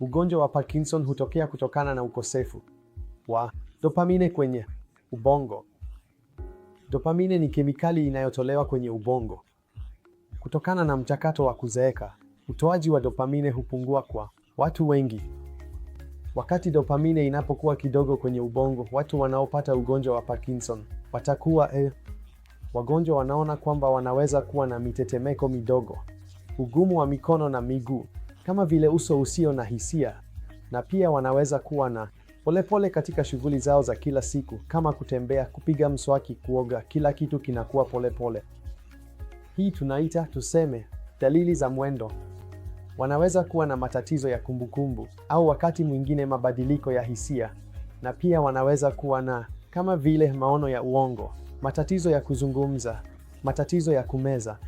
Ugonjwa wa Parkinson hutokea kutokana na ukosefu wa dopamine kwenye ubongo. Dopamine ni kemikali inayotolewa kwenye ubongo kutokana na mchakato wa kuzeeka. Utoaji wa dopamine hupungua kwa watu wengi. Wakati dopamine inapokuwa kidogo kwenye ubongo, watu wanaopata ugonjwa wa Parkinson watakuwa eh, wagonjwa wanaona kwamba wanaweza kuwa na mitetemeko midogo, ugumu wa mikono na miguu kama vile uso usio na hisia, na pia wanaweza kuwa na polepole katika shughuli zao za kila siku kama kutembea, kupiga mswaki, kuoga. Kila kitu kinakuwa polepole pole. Hii tunaita tuseme, dalili za mwendo. Wanaweza kuwa na matatizo ya kumbukumbu au wakati mwingine mabadiliko ya hisia, na pia wanaweza kuwa na kama vile maono ya uongo, matatizo ya kuzungumza, matatizo ya kumeza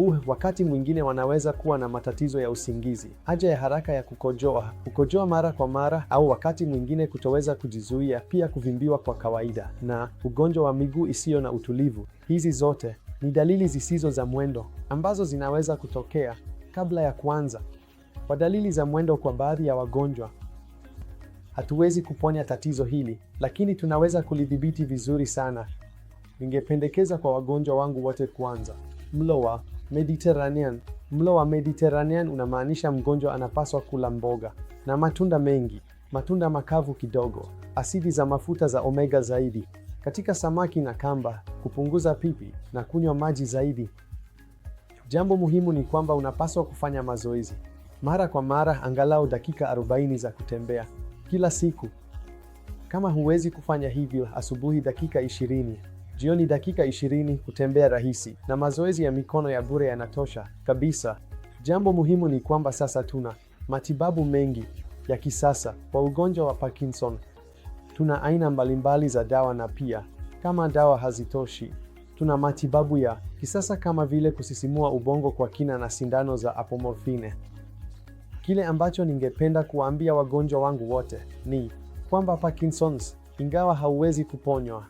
Uh, wakati mwingine wanaweza kuwa na matatizo ya usingizi, haja ya haraka ya kukojoa, kukojoa mara kwa mara, au wakati mwingine kutoweza kujizuia, pia kuvimbiwa kwa kawaida na ugonjwa wa miguu isiyo na utulivu. Hizi zote ni dalili zisizo za mwendo ambazo zinaweza kutokea kabla ya kuanza kwa dalili za mwendo. Kwa baadhi ya wagonjwa, hatuwezi kuponya tatizo hili, lakini tunaweza kulidhibiti vizuri sana. Ningependekeza kwa wagonjwa wangu wote kuanza mlo wa Mediterranean. Mlo wa Mediterranean unamaanisha mgonjwa anapaswa kula mboga na matunda mengi, matunda makavu kidogo, asidi za mafuta za omega zaidi katika samaki na kamba, kupunguza pipi na kunywa maji zaidi. Jambo muhimu ni kwamba unapaswa kufanya mazoezi mara kwa mara, angalau dakika 40 za kutembea kila siku. Kama huwezi kufanya hivyo, asubuhi dakika 20 Jioni dakika 20 kutembea rahisi na mazoezi ya mikono ya bure yanatosha kabisa. Jambo muhimu ni kwamba sasa tuna matibabu mengi ya kisasa kwa ugonjwa wa Parkinson. Tuna aina mbalimbali za dawa na pia kama dawa hazitoshi, tuna matibabu ya kisasa kama vile kusisimua ubongo kwa kina na sindano za apomorfine. Kile ambacho ningependa kuwaambia wagonjwa wangu wote ni kwamba Parkinson's, ingawa hauwezi kuponywa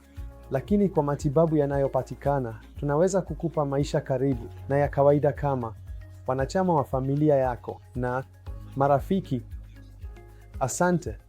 lakini kwa matibabu yanayopatikana tunaweza kukupa maisha karibu na ya kawaida kama wanachama wa familia yako na marafiki. Asante.